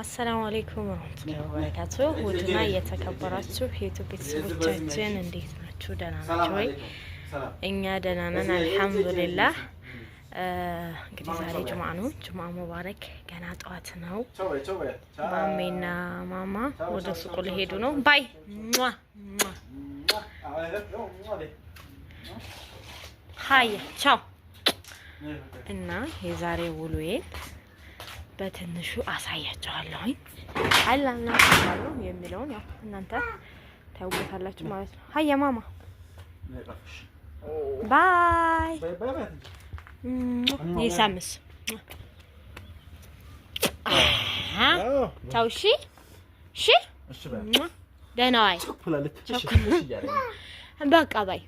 አሰላሙ አሌይኩም ወረህመቱላሂ ወበረካቱ። ውድና እየተከበራችሁ የዩቱብ ቤተሰቦቻችን እንዴት ናችሁ? ደህና ናችሁ ወይ? እኛ ደህና ነን አልሐምዱሊላህ። እንግዲህ ዛሬ ጁምአ ነው። ጁምአ ሙባረክ። ገና ጠዋት ነው። ማሜና ማማ ወደ ሱቁ ሊሄዱ ነው። ባይ ሀያ ቻው እና የዛሬ ውሎዬ በትንሹ አሳያችኋለሁኝ። አይላና ሳሉ የሚለውን ያው እናንተ ታውቁታላችሁ ማለት ነው። ሀያ ማማ ባይ ይሳምስ ቻው። እሺ፣ እሺ፣ ደህና ዋይ። በቃ ባይ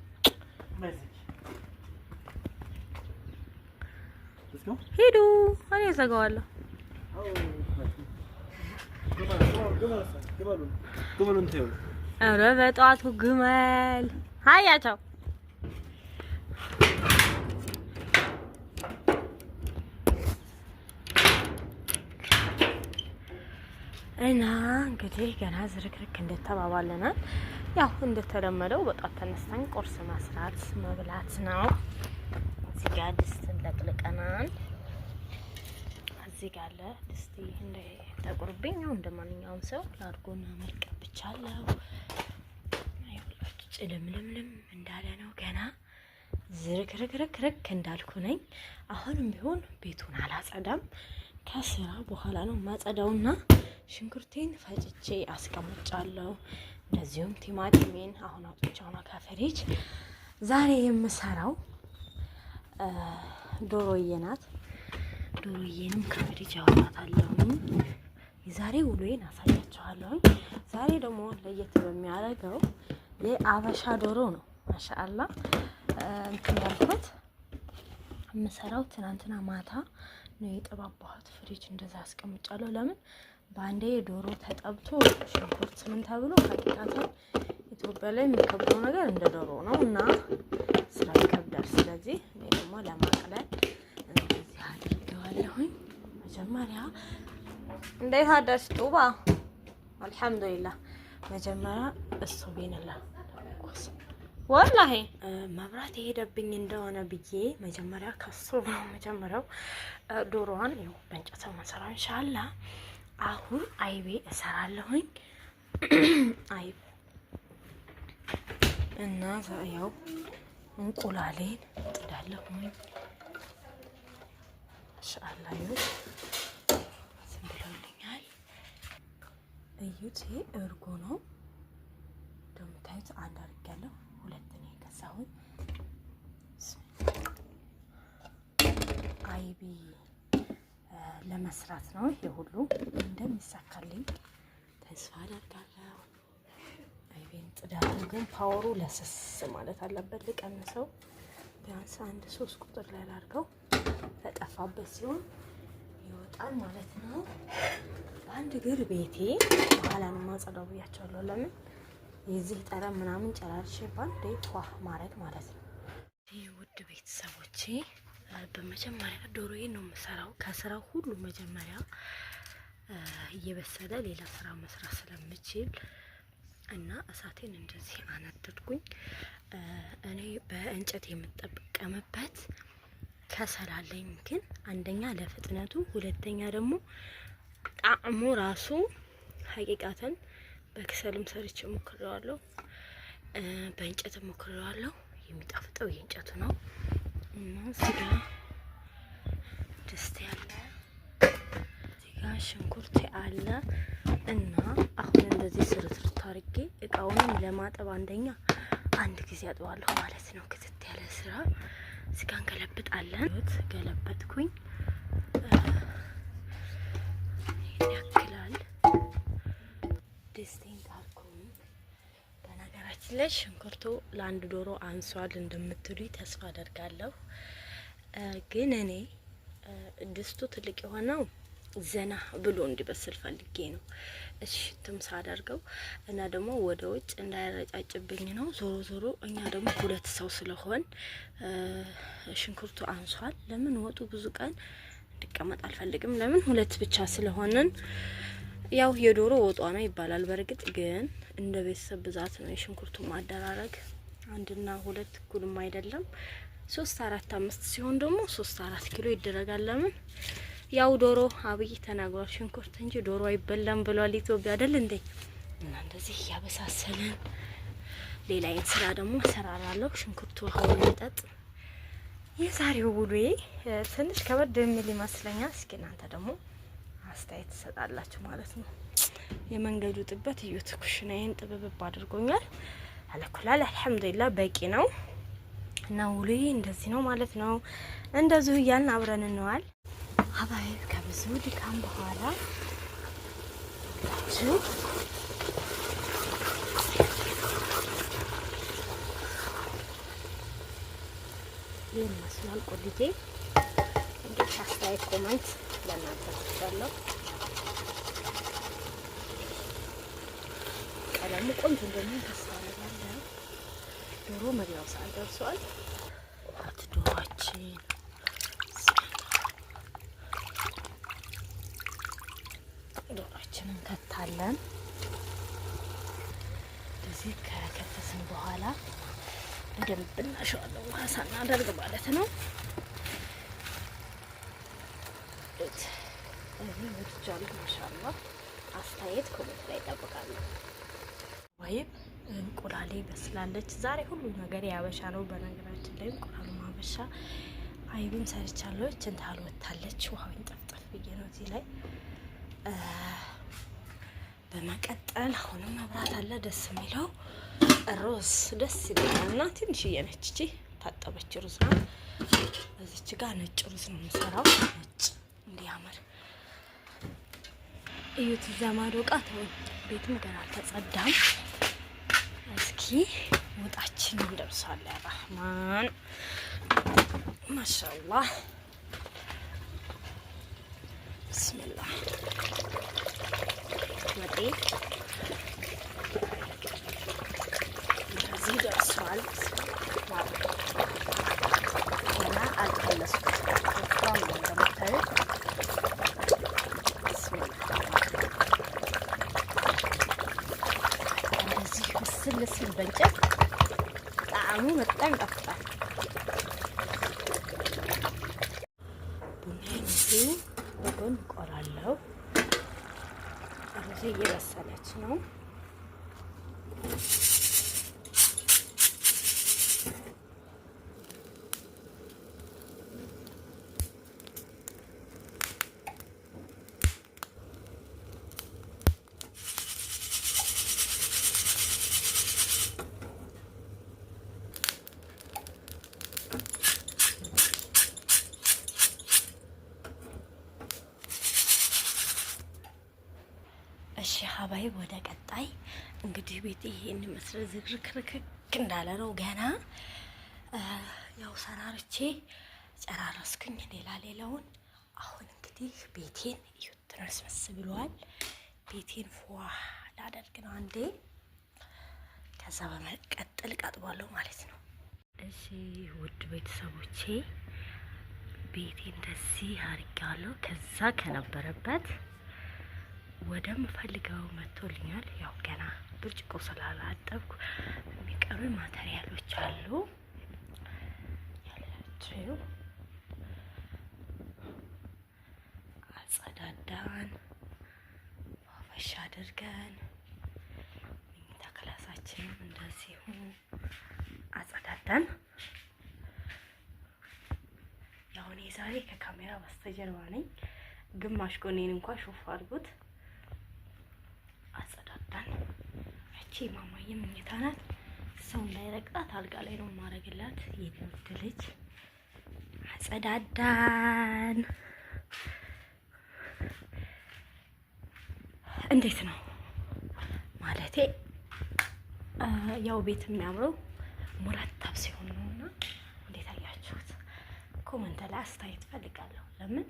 ሂዱ። እኔ ዘጋዋለሁ። ኧረ በጠዋቱ ግመል አያቸው እና እንግዲህ ገና ዝርክርክ እንደተባባለናል። ያው እንደተለመደው በጧት ተነስተን ቁርስ መስራት መብላት ነው። እዚህ ጋር ድስትን ለቅልቀናል። እዚህ ጋር አለ ድስቲ እንዳይጠቁርብኝ ነው። እንደ ማንኛውም ሰው ላድርጎና መልቀብ ብቻ አለው። ይኸውላችሁ ጭልምልምልም እንዳለ ነው። ገና ዝርክርክርክርክ እንዳልኩ ነኝ። አሁንም ቢሆን ቤቱን አላጸዳም። ከስራ በኋላ ነው ማጸዳውና ሽንኩርቴን ፈጭቼ አስቀምጫለሁ። እንደዚሁም ቲማቲሜን አሁን አውጥቻው ነው ከፍሪጅ። ዛሬ የምሰራው ዶሮዬ ናት። ዶሮዬንም ከፍሪጅ አወጣታለሁኝ። የዛሬ ውሎዬን አሳያችኋለሁኝ። ዛሬ ደግሞ ለየት በሚያደርገው የአበሻ ዶሮ ነው። ማሻአላ እንትን ያልኩት የምሰራው ትናንትና ማታ ነው የጠባባሁት። ፍሪጅ እንደዛ አስቀምጫለሁ። ለምን በአንዴ ዶሮ ተጠብቶ ሽንኩርት ምን ተብሎ ሀቂቃተን ኢትዮጵያ ላይ የሚከብደው ነገር እንደ ዶሮ ነው እና ስራ ይከብዳል። ስለዚህ እኔ ደግሞ ለማቅለል እንደዚህ አለ አደርገዋለሁኝ። መጀመሪያ እንዴት አደርሽ ጡባ? አልሐምዱሊላህ። መጀመሪያ እሱ ቢንላ ወላሂ መብራት የሄደብኝ እንደሆነ ብዬ መጀመሪያ ከሱ ነው መጀመሪያው። ዶሮዋን ይኸው በእንጨት መሰራ እንሻላ። አሁን አይቤ እሰራለሁኝ። አይብ እና ያው እንቁላሌን ጥዳለሁኝ። ማሻአላ ይሁት ዝም ብሎልኛል። እዩት፣ ይሄ እርጎ ነው እንደምታዩት። አንድ አርግ ያለው ሁለት ነው የገዛሁኝ። አይቢ ለመስራት ነው። ይሄ ሁሉ እንደሚሳካልኝ ተስፋ አደርጋለሁ። አይቤን ጥዳቱ ግን ፓወሩ ለስስ ማለት አለበት። ልቀንሰው ቢያንስ አንድ ሶስት ቁጥር ላይ ላድርገው ተጠፋበት ሲሆን ይወጣል ማለት ነው። አንድ እግር ቤቴ ነው ማጸዳው ብያቸዋለሁ። ለምን የዚህ ጠረን ምናምን ጨራርሽ ባንዴ ፏ ማድረግ ማለት ነው። ይህ ውድ ቤተሰቦቼ በመጀመሪያ ዶሮዬ ነው የምሰራው። ከስራው ሁሉ መጀመሪያ እየበሰለ ሌላ ስራ መስራት ስለምችል እና እሳቴን እንደዚህ አነደድኩኝ። እኔ በእንጨት የምጠቀምበት ከሰል አለኝ፣ ግን አንደኛ ለፍጥነቱ፣ ሁለተኛ ደግሞ ጣዕሙ ራሱ ሀቂቃተን በክሰልም ሰርቼ ሞክሬዋለሁ፣ በእንጨት ሞክሬዋለሁ። የሚጣፍጠው የእንጨቱ ነው እና ስጋ ደስታ ያለ ጋር ሽንኩርት አለ እና አሁን እንደዚህ ስርትርት አድርጌ እቃውንም ለማጠብ አንደኛ አንድ ጊዜ አጥባለሁ ማለት ነው። ክትት ያለ ስራ ስጋን ገለብጣለን። ገለበጥኩኝ ያክላል ደስቴን በነገራችን ላይ ሽንኩርቱ ለአንድ ዶሮ አንሷል እንደምትሉ ተስፋ አደርጋለሁ። ግን እኔ ድስቱ ትልቅ የሆነው ዘና ብሎ እንዲበስል ፈልጌ ነው እሽትም ሳደርገው እና ደግሞ ወደ ውጭ እንዳይረጫጭብኝ ነው። ዞሮ ዞሮ እኛ ደግሞ ሁለት ሰው ስለሆን ሽንኩርቱ አንሷል። ለምን ወጡ ብዙ ቀን እንዲቀመጥ አልፈልግም። ለምን ሁለት ብቻ ስለሆንን ያው የዶሮ ወጧ ነው ይባላል። በእርግጥ ግን እንደ ቤተሰብ ብዛት ነው የሽንኩርቱ ማደራረግ። አንድና ሁለት እኩልም አይደለም። ሶስት አራት አምስት ሲሆን ደግሞ ሶስት አራት ኪሎ ይደረጋል። ለምን ያው ዶሮ አብይ ተናግሯል። ሽንኩርት እንጂ ዶሮ አይበላም ብሏል። ኢትዮጵያ አይደል እንዴ? እና እንደዚህ እያበሳሰልን ሌላ የት ስራ ደግሞ ሰራራለሁ። ሽንኩርቱ ውሃውን መጠጥ። የዛሬው ውሎዬ ትንሽ ከበድ የሚል ይመስለኛል። እስኪ እናንተ ደግሞ አስተያየት ትሰጣላችሁ ማለት ነው። የመንገዱ ጥበት እዩት። ኩሽናዬን ጥብብብ አድርጎኛል። አለኩላል አልሐምዱሊላህ በቂ ነው። እና ውሎዬ እንደዚህ ነው ማለት ነው። እንደዚሁ እያልን አብረን እንዋል። አባይት ከብዙ ድካም በኋላ ችሁ ይህን ይመስላል ቆልጄ። እንዴት አስተያየት ኮመንት ለእናንተ ትቻለሁ። ቀለሙ ቆንጆ እንደሚሆን ተስፋ አደርጋለሁ። ዶሮ መብያው ሰዓት ደርሷል። ዶሯችን እንከትፋለን። እንደዚህ ከከተስን በኋላ በደንብ እናሸዋለን። ውሃ ሳናደርግ ማለት ነው። እዚህ ምድጃሉ ማሻላ አስተያየት ኮሜንት ላይ ይጠብቃሉ። ወይም እንቁላሌ በስላለች። ዛሬ ሁሉ ነገር ያበሻ ነው። በነገራችን ላይ እንቁላሉ ማበሻ አይብም ሰርቻለች። እንታል ወታለች። ውሃውን ጠፍጠፍ ብዬ ነው እዚህ ላይ በመቀጠል አሁንም መብራት አለ። ደስ የሚለው ሮዝ ደስ ይለኛል ትንሽዬ ነች እቺ ታጠበች ሩዝ ነው። እዚች ጋር ነጭ ሩዝ ነው የምሰራው። ነጭ እንዲያምር እዩት። እዛ ማዶ ዕቃ ቤትም ገና አልተጸዳም። እስኪ ወጣችን እንደርሳለ። ረህማን ማሻላ ብስሚላህ ወጤ እንደዚህ ደርሷል። ገና አልቀለሱት በጣም ነው እንደምታዩት። እንደዚህ ምስል ሲል በእንጨት ጣዕሙ በጣም ይጣፍጣል። ሀባይ ወደ ቀጣይ እንግዲህ ቤት ይሄን መስለ ዝርክርክክ እንዳለ ነው። ገና ያው ሰራርቼ ጨራረስኩኝ ሌላ ሌላውን። አሁን እንግዲህ ቤቴን እዩትነስ መስ ብሏል። ቤቴን ፏ ላደርግ ነው አንዴ፣ ከዛ በመቀጠል ቀጥቧለሁ ማለት ነው። እሺ ውድ ቤተሰቦቼ ቤቴ እንደዚህ አድርጌዋለሁ። ከዛ ከነበረበት ወደምፈልገው መጥቶልኛል። ያው ገና ብርጭቆ ስላላጠብኩ የሚቀሩ ማተሪያሎች አሉ ያላቸው አጸዳዳን ማፈሻ አድርገን መኝታ ክላሳችንም እንደዚሁ አጸዳዳን። ያሁን የዛሬ ከካሜራ በስተጀርባ ነኝ። ግማሽ ጎኔን እንኳን ሹፍ አድርጉት። ይወዳል። እቺ ማማዬ መኝታ ናት። ሰው እንዳይረግጣት አልጋ ላይ ነው ማረግላት። የትምህርት ልጅ አጸዳዳን። እንዴት ነው ማለቴ ያው ቤት የሚያምረው ሙረታብ ሲሆን ነው። እና እንዴት አያችሁት? ኮመንት ላይ አስተያየት ፈልጋለሁ። ለምን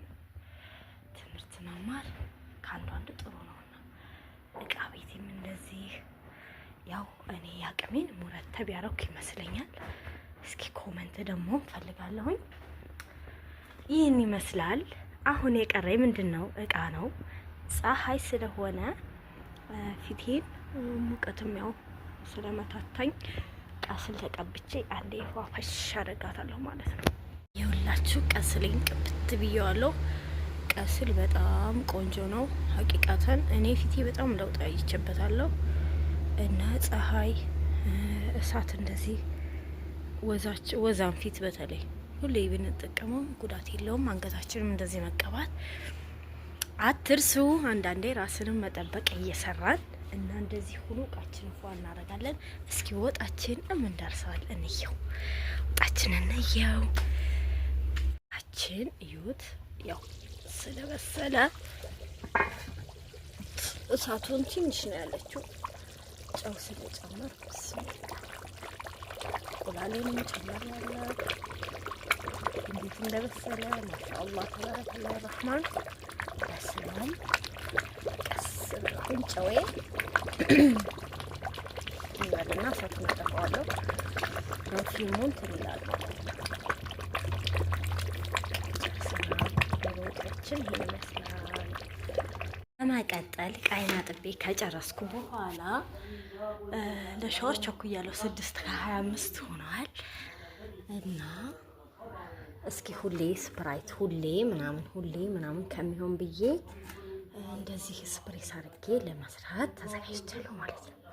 ትምህርት መማር ከአንዱ አንዱ ጥሩ ነው። እቃ ቤቴም እንደዚህ ያው እኔ ያቅሜን ሙረተብ ያረኩ ይመስለኛል። እስኪ ኮመንት ደግሞ እንፈልጋለሁኝ። ይህን ይመስላል። አሁን የቀረኝ ምንድን ነው? እቃ ነው። ፀሐይ ስለሆነ ፊቴን ሙቀትም ያው ስለመታታኝ ቀስል ተቀብቼ አንዴ ፏፋሽ አደርጋታለሁ ማለት ነው። የሁላችሁ ቀስሌን ቅብት ብየዋለሁ። ቀስል በጣም ቆንጆ ነው። ሀቂቃተን እኔ ፊቴ በጣም ለውጥ አይቼበታለሁ እና ፀሐይ፣ እሳት እንደዚህ ወዛም ፊት በተለይ ሁሌ ብንጠቀመው ጉዳት የለውም። አንገታችንም እንደዚህ መቀባት አትርሱ። አንዳንዴ ራስንም መጠበቅ እየሰራን እና እንደዚህ ሁኑ። እቃችን ፏ እናደርጋለን። እስኪ ወጣችን እምንደርሰዋል እንየው። ወጣችን እንየው። እቃችን እዩት ያው ስለበሰለ እሳቱን ትንሽ ነው ያለችው። ጨው ስለጨመር እንቁላሌን መጨመር ያለ እንዴት እንደበሰለ ማሻአላህ ተባረከ ረህማን በስሏል። ቀስ ጨዌ ይበልና እሳቱን አጠፋዋለሁ። ፊልሙን ትንላለ ፕሮዳክታችን ይሄን ይመስላል። በመቀጠል ቃይና ጥቤ ከጨረስኩ በኋላ ለሻወር ቸኩያለሁ። ስድስት ከሀያ አምስት ሆኗል። እና እስኪ ሁሌ ስፕራይት ሁሌ ምናምን ሁሌ ምናምን ከሚሆን ብዬ እንደዚህ ስፕሬስ አድርጌ ለመስራት ተዘጋጅቻለሁ ማለት ነው።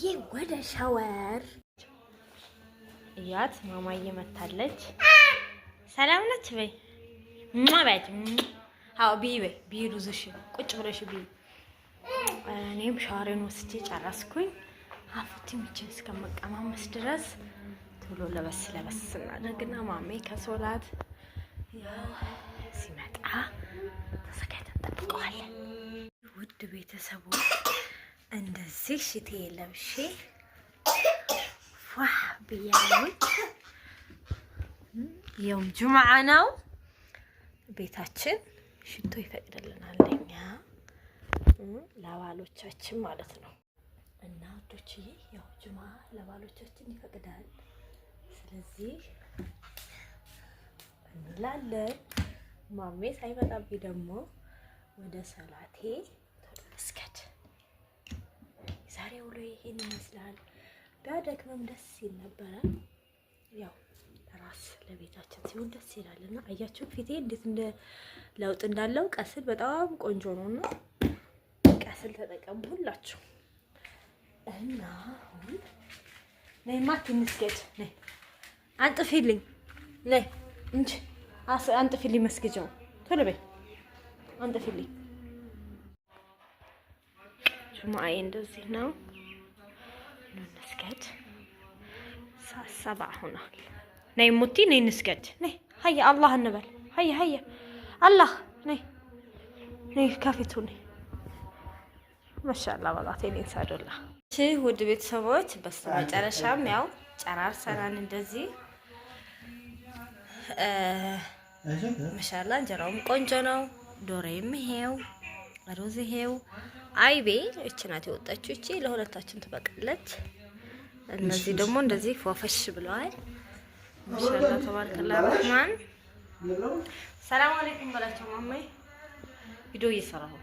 ብዬ ወደ ሻወር እያት ማማዬ መታለች። ሰላም ነች በይ ማ በያት አዎ ብይ በይ ብይ ሩዝሽ ቁጭ ብለሽ ብይ። እኔም ሻወሬን ወስጄ ጨረስኩኝ። አፉቲ ምችን እስከመቀማመስ ድረስ ቶሎ ለበስ ለበስ ስናደርግና ማሜ ከሶላት ያው ሲመጣ ተዘጋጅተን እንጠብቀዋለን። ውድ ቤተሰቦች እንደዚህ ሽቴ ለብሼ ፏህ ብያለሁ። የውም ጁምዓ ነው። ቤታችን ሽቶ ይፈቅድልናል እኛ ለባሎቻችን ማለት ነው። እና ወዶችዬ ያው ጁምዓ ለባሎቻችን ይፈቅዳል። ስለዚህ እንላለን። ማሜ ሳይመጣብኝ ደግሞ ወደ ሰላቴ ዛሬ ውሎ ይሄን ይመስላል። ቢያደክምም ደስ ይል ነበረ። ያው ራስ ለቤታችን ሲሆን ደስ ይላል እና አያችሁ ፊቴ እንዴት እንደ ለውጥ እንዳለው ቀስል በጣም ቆንጆ ነው እና ቀስል ተጠቀሙ ሁላችሁ እና አሁን ማት ትንስገድ ነይ አንጥፊልኝ ነይ እንጂ አንጥፊልኝ መስገጃው ቶሎ በይ አንጥፊልኝ ጁማኤ እንደዚህ ነው። እንስገድ። ሰባ ሆኗል። ነይ ሙቲ ነይ እንስገድ። ነይ ሀያ አላህ እንበል። ሀያ ሀያ አላህ ነይ ነይ ከፊቱ ነይ። ማሻአላ በላት የኔን ሳዶላ። እሺ ውድ ቤተሰቦች በስተመጨረሻም ያው ጨራርሰናል እንደዚህ ማሻአላ። እንጀራውም ቆንጆ ነው። ዶሬም ይሄው ሩዝ ይሄው አይቤ እች ናት የወጣችው። እቺ ለሁለታችን ትበቃለች። እነዚህ ደግሞ እንደዚህ ፏፈሽ ብለዋል። ማሻአላ ተባርከላ ረህማን። ሰላም አለይኩም በላቸው ማማይ። ቪዲዮ እየሰራሁ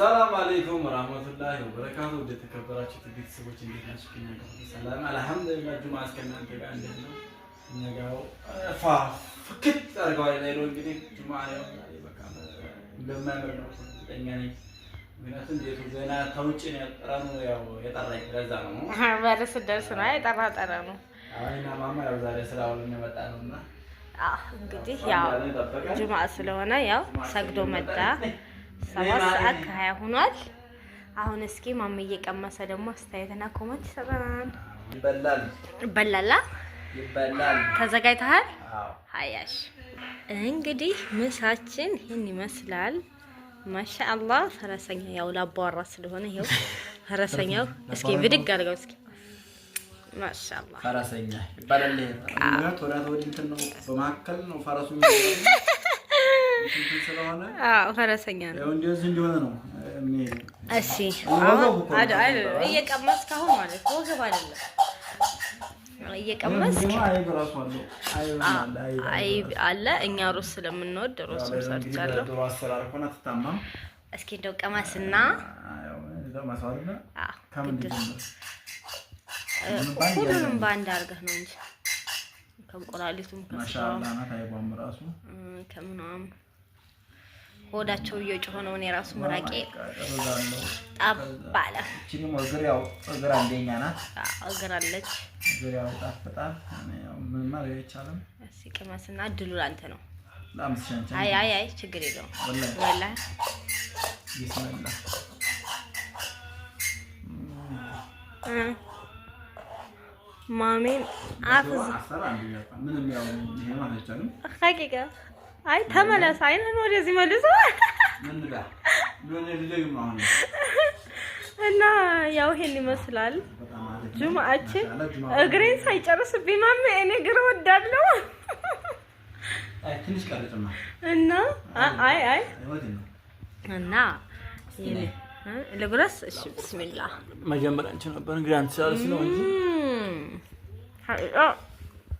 ሰላም አለይኩም ረህመቱላሂ ወበረካቱ። ወደ ተከበራችሁ ቤተሰቦች እንዴት ናችሁ? ሰላም አልሐምዱሊላህ። ጁማ እስከናንተ ጋር እንዴት ነው? ነገው ፋ ፍክት አድርገዋል። ላይ ነው እንግዲህ ጁማ ነው በቃ እንደማይመረጥ ነው እኛ ነኝ ምክንያቱም ቤቱ ነው የጠራ ጠረ ነው። እንግዲህ ያው ጁምአ ስለሆነ ያው ሰግዶ መጣ። ሰባት ሰዓት ከሀያ ሆኗል። አሁን እስኪ ማማ እየቀመሰ ደግሞ አስተያየትና ኮመንት ይሰጠናል። ይበላላ ተዘጋጅተሃል? አያሽ እንግዲህ ምሳችን ይህን ይመስላል። ማሻአላህ ፈረሰኛ ያው ላባራ ስለሆነ ይሄው ፈረሰኛው። እስኪ ብድግ አድርገው እስኪ ማሻአላህ ፈረሰኛ ይባላል። ፈረሰኛ ነው። እሺ አሁን እየቀመስክ አሁን ማለት ወገብ አይደለም እየቀመስክ አይብ አለ። እኛ ሩስ ስለምንወድ ሩዝም ሰርቻለሁ። እስኪ እንደው ቀመስና ሁሉንም በአንድ አድርገህ ነው እንጂ ከእንቁላሊቱም ከምናምን ሆዳቸው እየጮኸ ነው። እኔ ራሱ ምራቄ ጣባለ። እቺንም እግር ያው እግር አንደኛ ናት። እግር አለች። እግር ያው ጣፍጣል። ምን ማለት አይቻልም። እሺ ቅመስና እድሉ ላንተ ነው። አይ አይ አይ ችግር የለውም ወላ ይስማላ ማሜን አፍዝ ምንም ያው ይሄ ማለት አይቻልም ሀቂቃ አይ ተመለስ፣ አይንህን ወደዚህ መልሶ እና ያው ይሄን ይመስላል ጁማአችን። እግሬን ሳይጨርስ ቢማም እኔ እግር ወዳለው እና አይ አይ እና ልጉረስ። እሺ ብስሚላ መጀመሪያ አንቺ ነበር እንግዲህ አንቺ ሳልስ ነው እንጂ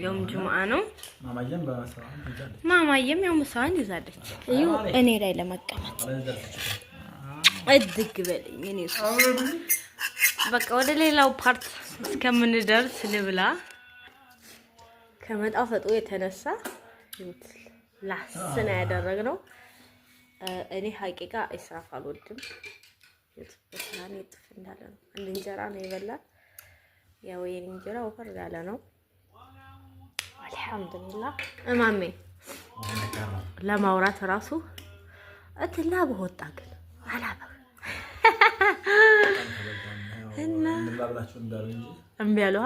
ያውም ጅሙአ ነው። ማማየም ማማየም ያው ምሳዋን ይዛለች። እዩ እኔ ላይ ለመቀመጥ እድግ በለኝ። እኔ በቃ ወደ ሌላው ፓርት እስከምንደርስ ልብላ። ከመጣፈጡ የተነሳ ላስና ያደረግ ነው። እኔ ሀቂቃ ኢስራፍ አልወድም። ጥፍላን ጥፍ እንዳለ ነው። እንድ እንጀራ ነው የበላል። ያው የእንጀራ ወፈር ያለ ነው። አልሐምዱሊላህ እማሜ ለማውራት ራሱ እትላ በወጣ ግን አላበ እና እምቢ አለዋ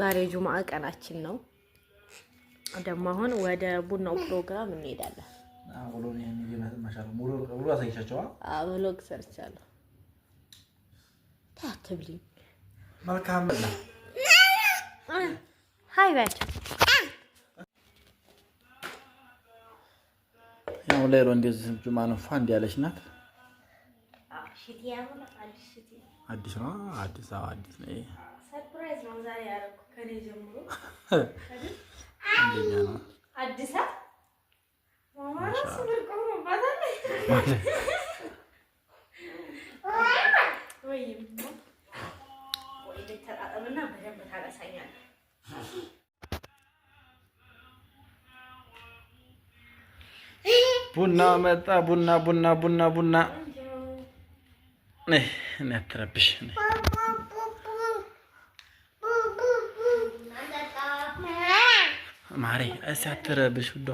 ዛሬ ጁምአ ቀናችን ነው። ደግሞ አሁን ወደ ቡናው ፕሮግራም እንሄዳለን። ብሎግ ሰርቻለሁ። ታትብልኝ መልካም ሀይ ባቸው ያው ሌሎ እንደዚህ ጁማ ነው እንዲ ያለች ናት። አዲስ ነው አዲስ አዎ አዲስ ነው። ሰርፕራይዝ ነው ዛሬ ያደረኩት ከኔ ጀምሮ አዲስ ቡና መጣ። ቡና ቡና ቡና ቡና እኔ አትረብሽ። ማሬ እስ አትረብሽ። ውዷ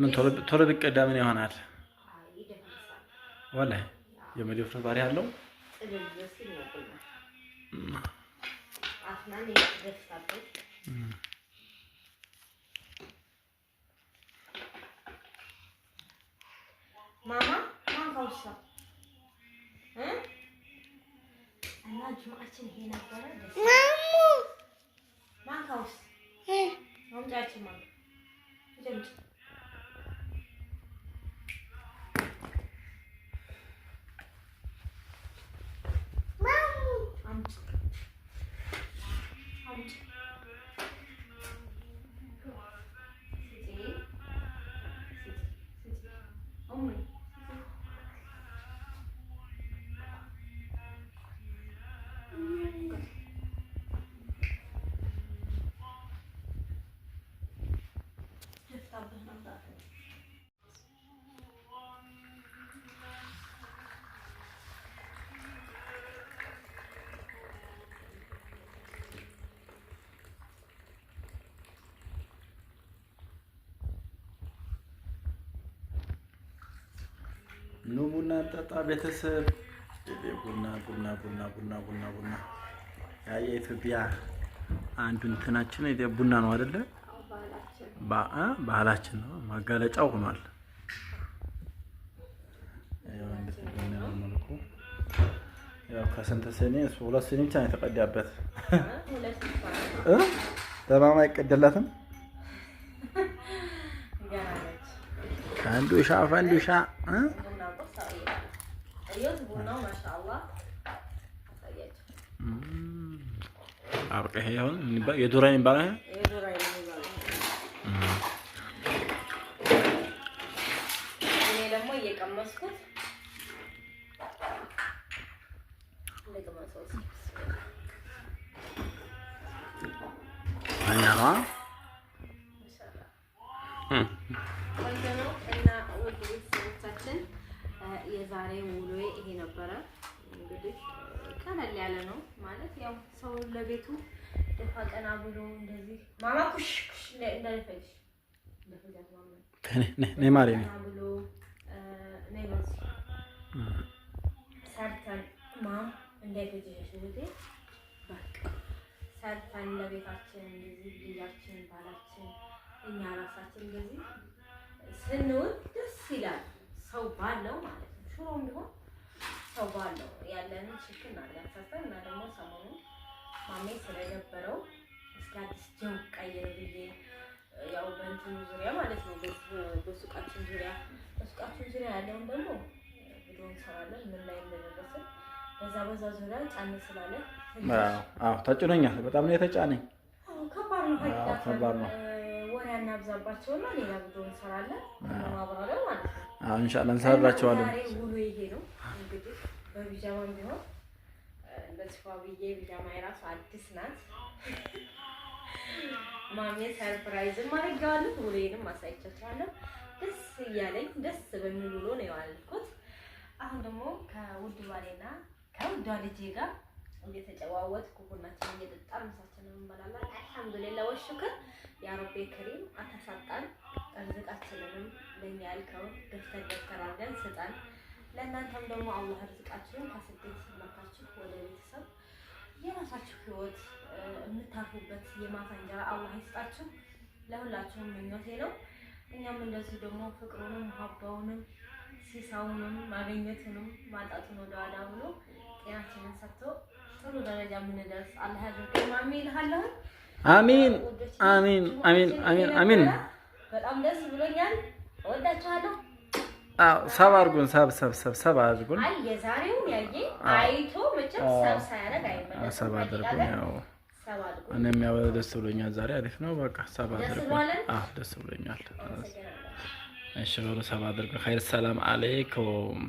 ምን ቶሎ ቢቀዳ ምን ይሆናል? ወላሂ የመደፍረስ ባህሪ አለው። Ach nein, hmm. Mama, man Hı? du? açın Annacığım açın yanakları da. Mama. Man kommst du? Hm. Warum açın man? ኑ ቡና ጠጣ ቤተሰብ ቡና ቡና ቡና ቡና ቡና ቡና ያ የኢትዮጵያ አንዱ እንትናችን ቡና ነው አይደለ? ባህላችን ነው፣ ማጋለጫው ሆኗል። ከስንት ስኒ ሁለት ስኒ ብቻ ነው የተቀዳበት። ለማማ አይቀደላትም። አንዱ ሻ አንዱ ሻ እዩት። ቡናው ማሻአላህ አብቀህ ይሁን የዱራ የሚባለው እንግዲህ ቀለል ያለ ነው ማለት ያው ሰው ለቤቱ ደፋ ቀና ብሎ እንደዚህ ማማ ኩሽ ኩሽ እንዳይፈጅ ማማ ብሎ ሰርተን ማም እንዳይፈጅሽ እህቴ በቃ ሰርተን ለቤታችን እንደዚህ ልጃችን ባላችን እኛ ራሳችን እንደዚህ ስንውል ደስ ይላል። ሰው ባለው ማለት ነው ሽሮም ቢሆን ተዋለው ያለን ችግር አላሳፈን እና ደግሞ ሰሞኑን ማሜ ስለነበረው እስከ አዲስ ጀው ቀይር ብዬ ያው በእንትኑ ዙሪያ ማለት ነው በሱቃችን ዙሪያ በሱቃችን ዙሪያ ያለውን ደግሞ ቪዲዮ እንሰራለን። ምን ላይ እንደደረስን በዛ በዛ ዙሪያ ጫን ስላለ አዎ፣ ተጭኖኛል። በጣም ነው የተጫነኝ። ከባድ ነው። እናብዛባቸውና ሌላ ቪዲዮ እንሰራለን ማብራሪያ ማለት ነው። ኢንሻላህ እንሰራቸዋለን። ውሎ ይሄ ነው እንግዲህ በቢጃማም ቢሆን በስፋ ብዬ ቢጃማ የራሱ አዲስ ናት። ማሜ ሰርፕራይዝም አድርጌዋለሁ። ውሎዬንም አሳይቻቸዋለሁ። ደስ እያለኝ ደስ በሚል ውሎ ነው የዋልኩት። አሁን ደግሞ ከውድ ባሌና ከውዷ ልጄ ጋር እየተጨዋወትኩ ቡናችን እየጠጣን ምሳችንን እንበላለን። አልሐምዱሊላህ ወሽክር የአረቤ ክሪም አታሳጣን። እርዝቃችንንም ለእኛ ያልከውን ገፍተን ገፍተን አድርገን ስጠን። ለእናንተም ደግሞ አላህ እርዝቃችሁን ከስደት መታችሁ ወደ ቤተሰብ የራሳችሁ ህይወት የምታርፉበት የማታ እንጀራ አላህ ይስጣችሁ። ለሁላችሁም ምኞቴ ነው። እኛም እንደዚህ ደግሞ ፍቅሩንም ሀባውንም ሲሳውንም ማግኘቱንም ማጣቱን ወደ ኋላ ብሎ ጤናችንን ሰጥቶ አሚን አሚን አሚን አሚን አሚን። በጣም ደስ ብሎኛል። እወዳችኋለሁ። አዎ ሰብ አድርጉን፣ ሰብ ሰብ ሰብ ሰብ አድርጉን። አይ ያየ አይቶ መቼም ሰብ ሳያደርግ አይመለስም። እኔም ያው ደስ ብሎኛል። ዛሬ አሪፍ ነው። በቃ ሰብ አድርጉን። አዎ ደስ ብሎኛል። እሺ በሉ ሰብ አድርጉን። ኸይር ሰላም አለይኩም